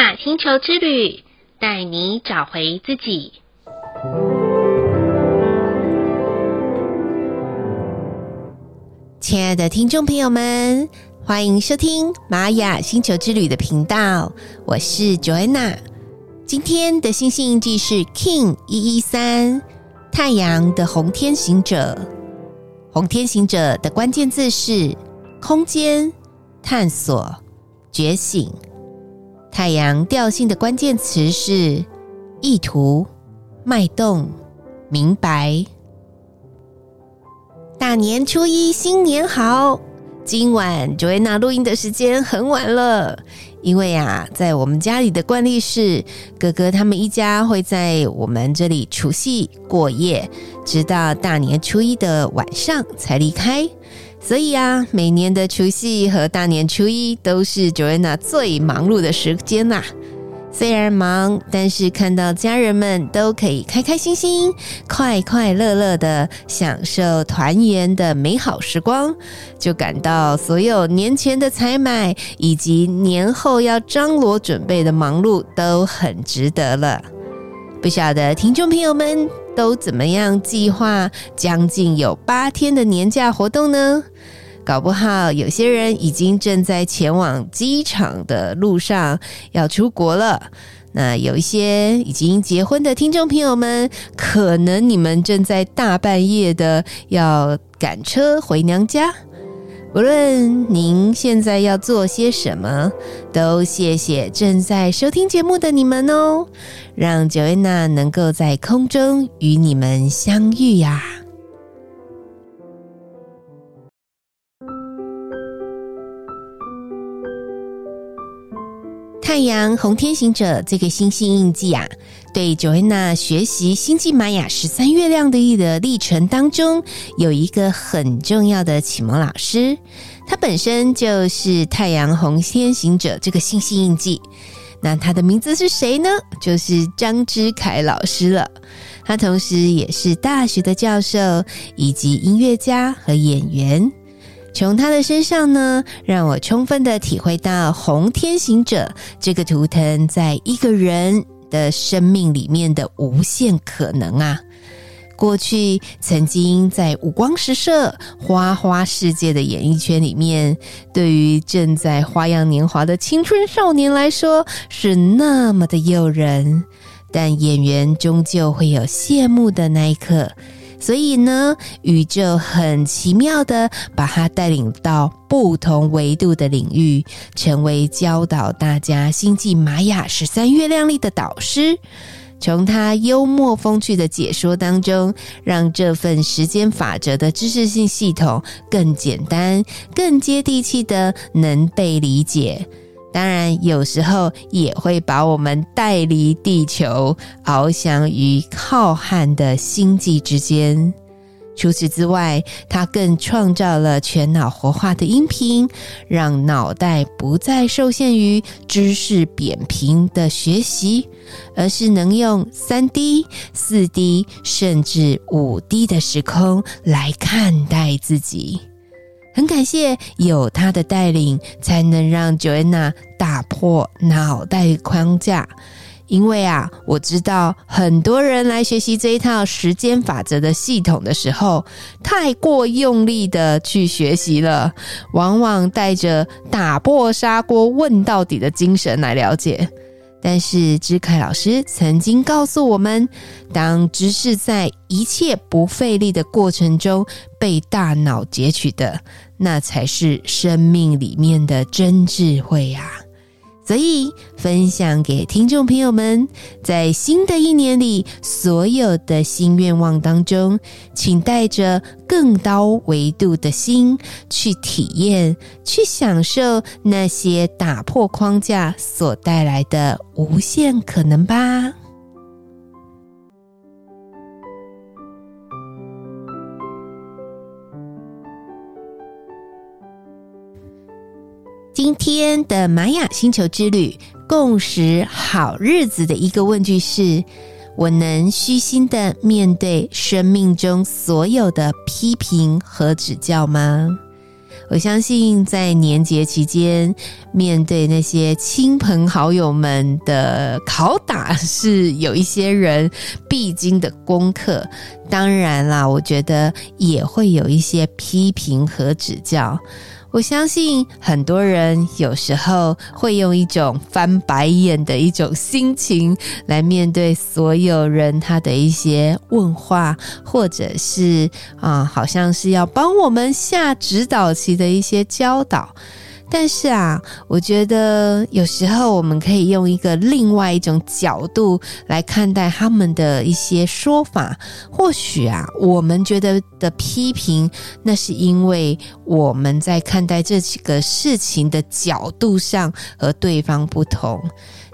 瑪雅星球之旅，帶你找回自己。親愛的聽眾朋友們，歡迎收聽瑪雅星球之旅的頻道，我是 Joanna。今天的星星印記是 Kin 一一三，太陽的紅天行者。紅天行者的關鍵字是空間、探索、覺醒。太陽調性的關鍵詞是意圖、脈動、明白。大年初一，新年好！今晚 Joanna 錄音的時間很晚了，因為啊，在我們家裡的慣例是，哥哥他們一家會在我們這裡除夕過夜，直到大年初一的晚上才離開。所以啊，每年的除夕和大年初一都是 Joanna 最忙碌的時間啦、啊。雖然忙，但是看到家人們都可以開開心心、快快樂樂的享受團圓的美好時光，就感到所有年前的採買以及年後要張羅準備的忙碌都很值得了。不曉得聽眾朋友們都怎麼樣計劃將近有八天的年假活動呢？搞不好有些人已經正在前往機場的路上，要出國了。那有一些已經結婚的聽眾朋友們，可能你們正在大半夜的要趕車回娘家。無論您現在要做些什麼，都謝謝正在收聽節目的你們哦，讓 Joanna 能夠在空中與你們相遇呀、啊。太陽紅天行者這個星星印記啊，對 Joanna 學習星際瑪雅十三月亮的的歷程當中，有一個很重要的啟蒙老師，他本身就是太陽紅天行者這個星星印記。那他的名字是誰呢？就是張之凱老師了。他同時也是大學的教授，以及音樂家和演員。從他的身上呢，讓我充分的體會到紅天行者這個圖騰在一個人的生命裡面的無限可能啊！過去曾經在五光十色、花花世界的演藝圈裡面，對於正在花樣年華的青春少年來說是那麼的誘人，但演員終究會有謝幕的那一刻。所以呢，宇宙很奇妙的，把他帶領到不同維度的領域，成為教導大家星際瑪雅十三月亮曆的導師。從他幽默風趣的解說當中，讓這份時間法則的知識性系統更簡單、更接地氣的能被理解。當然，有時候也會把我們帶離地球，翱翔於浩瀚的星際之間。除此之外，它更創造了全腦活化的音頻，讓腦袋不再受限於知識扁平的學習，而是能用三 D、四 D 甚至五 D 的時空來看待自己。很感謝有他的帶領，才能讓 Joanna 打破腦袋框架。因為啊，我知道很多人來學習這一套時間法則的系統的時候，太過用力的去學習了，往往帶着打破砂鍋問到底的精神來了解。但是，知凱老師曾經告訴我們，當知識在一切不費力的過程中被大腦截取的，那才是生命裡面的真智慧呀。所以，分享給聽眾朋友們，在新的一年裡，所有的新願望當中，請帶着更高維度的心去體驗、去享受那些打破框架所帶來的無限可能吧。今天的瑪雅星球之旅，共時好日子的一個問句是：我能虛心的面對生命中所有的批評和指教嗎？我相信在年節期間，面對那些親朋好友們的拷打，是有一些人必經的功課。當然啦，我覺得也會有一些批評和指教。我相信很多人有時候會用一種翻白眼的一種心情來面對所有人，他的一些問話，或者是啊、嗯，好像是要幫我們下指導棋的一些教導。但是啊，我覺得有時候我們可以用一個另外一種角度來看待他們的一些說法。或許啊，我們覺得的批評，那是因為我們在看待這幾個事情的角度上和對方不同。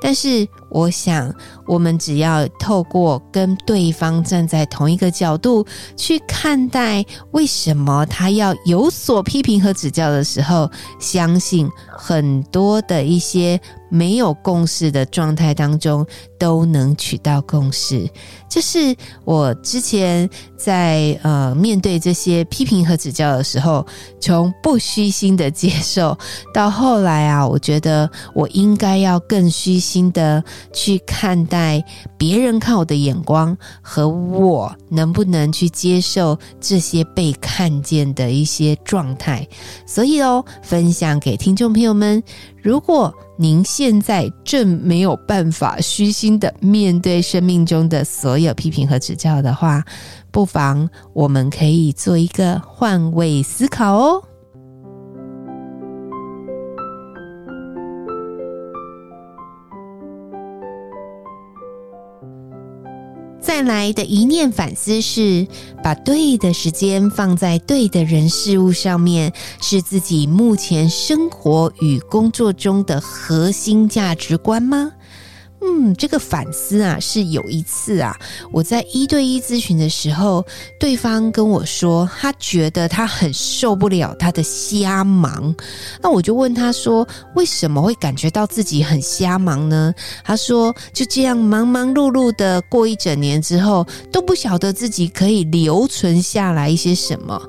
但是。我想，我們只要透過跟對方站在同一個角度去看待，為什麼他要有所批評和指教的時候，相信很多的一些沒有共識的狀態當中，都能取到共識。就是我之前在呃面對這些批評和指教的時候，從不虛心的接受到後來啊，我覺得我應該要更虛心的。去看待別人看我的眼光，和我能不能去接受這些被看見的一些狀態。所以哦，分享給聽眾朋友們，如果您現在正沒有辦法虛心地面對生命中的所有批評和指教的話，不妨我們可以做一個換位思考哦。再來的一念反思是，把對的時間放在對的人事物上面，是自己目前生活與工作中的核心價值觀嗎？嗯，這個反思啊，是有一次啊，我在一對一諮詢的時候，對方跟我說，他覺得他很受不了他的瞎忙。那我就問他說，為什麼會感覺到自己很瞎忙呢？他說，就這樣忙忙碌碌的過一整年之後，都不曉得自己可以留存下來一些什麼。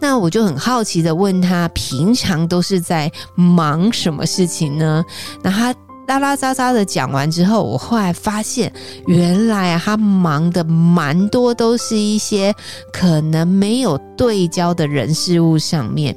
那我就很好奇的問他，平常都是在忙什麼事情呢？那他。巴拉喳喳喳喳的講完之後，我後來發現，原來啊，他忙的蠻多，都是一些可能沒有對焦的人事物上面。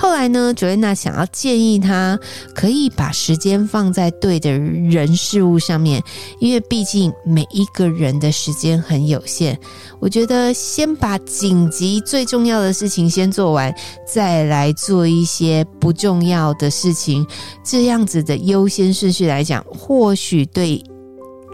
後來呢，Joanna 想要建議他可以把時間放在對的人事物上面，因為畢竟每一個人的時間很有限。我覺得先把緊急最重要的事情先做完，再來做一些不重要的事情，這樣子的優先順序來講，或許對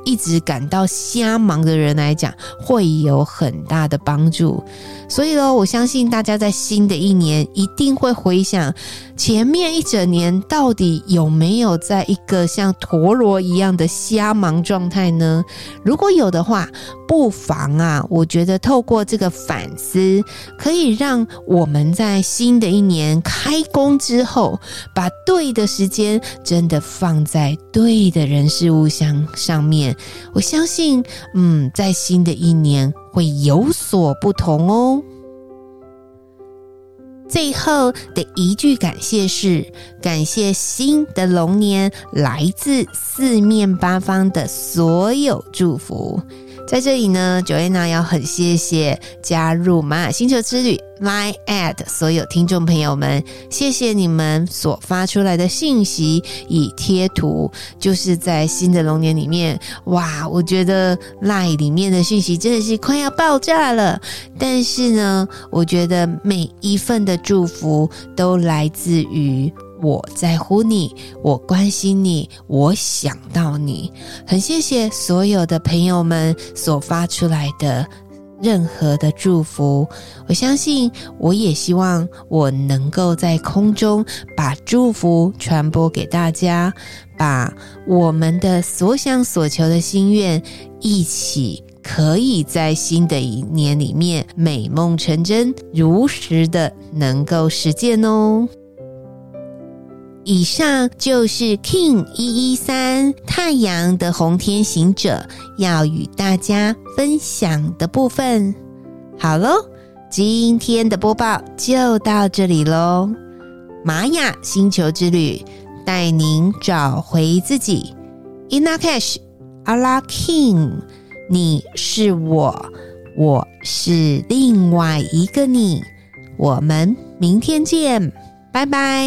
一直感到瞎忙的人來講會有很大的幫助。所以呢，我相信大家在新的一年一定會回想前面一整年到底有沒有在一個像陀螺一樣的瞎忙狀態呢？如果有的話，不妨啊，我覺得透過這個反思，可以讓我們在新的一年開工之後，把對的時間真的放在對的人事物上上面。我相信，嗯，在新的一年。會有所不同哦。最後的一句感謝是：感謝新的龍年來自四面八方的所有祝福。在這裡呢，Joanna 要很謝謝加入《馬雅星球之旅》LINE@ 所有聽眾朋友們，謝謝你們所發出來的信息與貼圖。就是在新的龍年裡面，哇，我覺得 Line 裡面的訊息真的是快要爆炸了。但是呢，我覺得每一份的祝福都來自於。我在乎你，我關心你，我想到你。很謝謝所有的朋友們所發出來的任何的祝福。我相信，我也希望我能夠在空中把祝福傳播給大家，把我們的所想所求的心願，一起可以在新的一年裡面美夢成真，如實的能夠實踐哦。以上就是 Kin 一一三太陽的紅天行者要與大家分享的部分。好嘍，今天的播報就到這裡嘍。瑪雅星球之旅，帶您找回自己。Ina Cash，A La Kin，你是我，我是另外一個你。我們明天見，拜拜。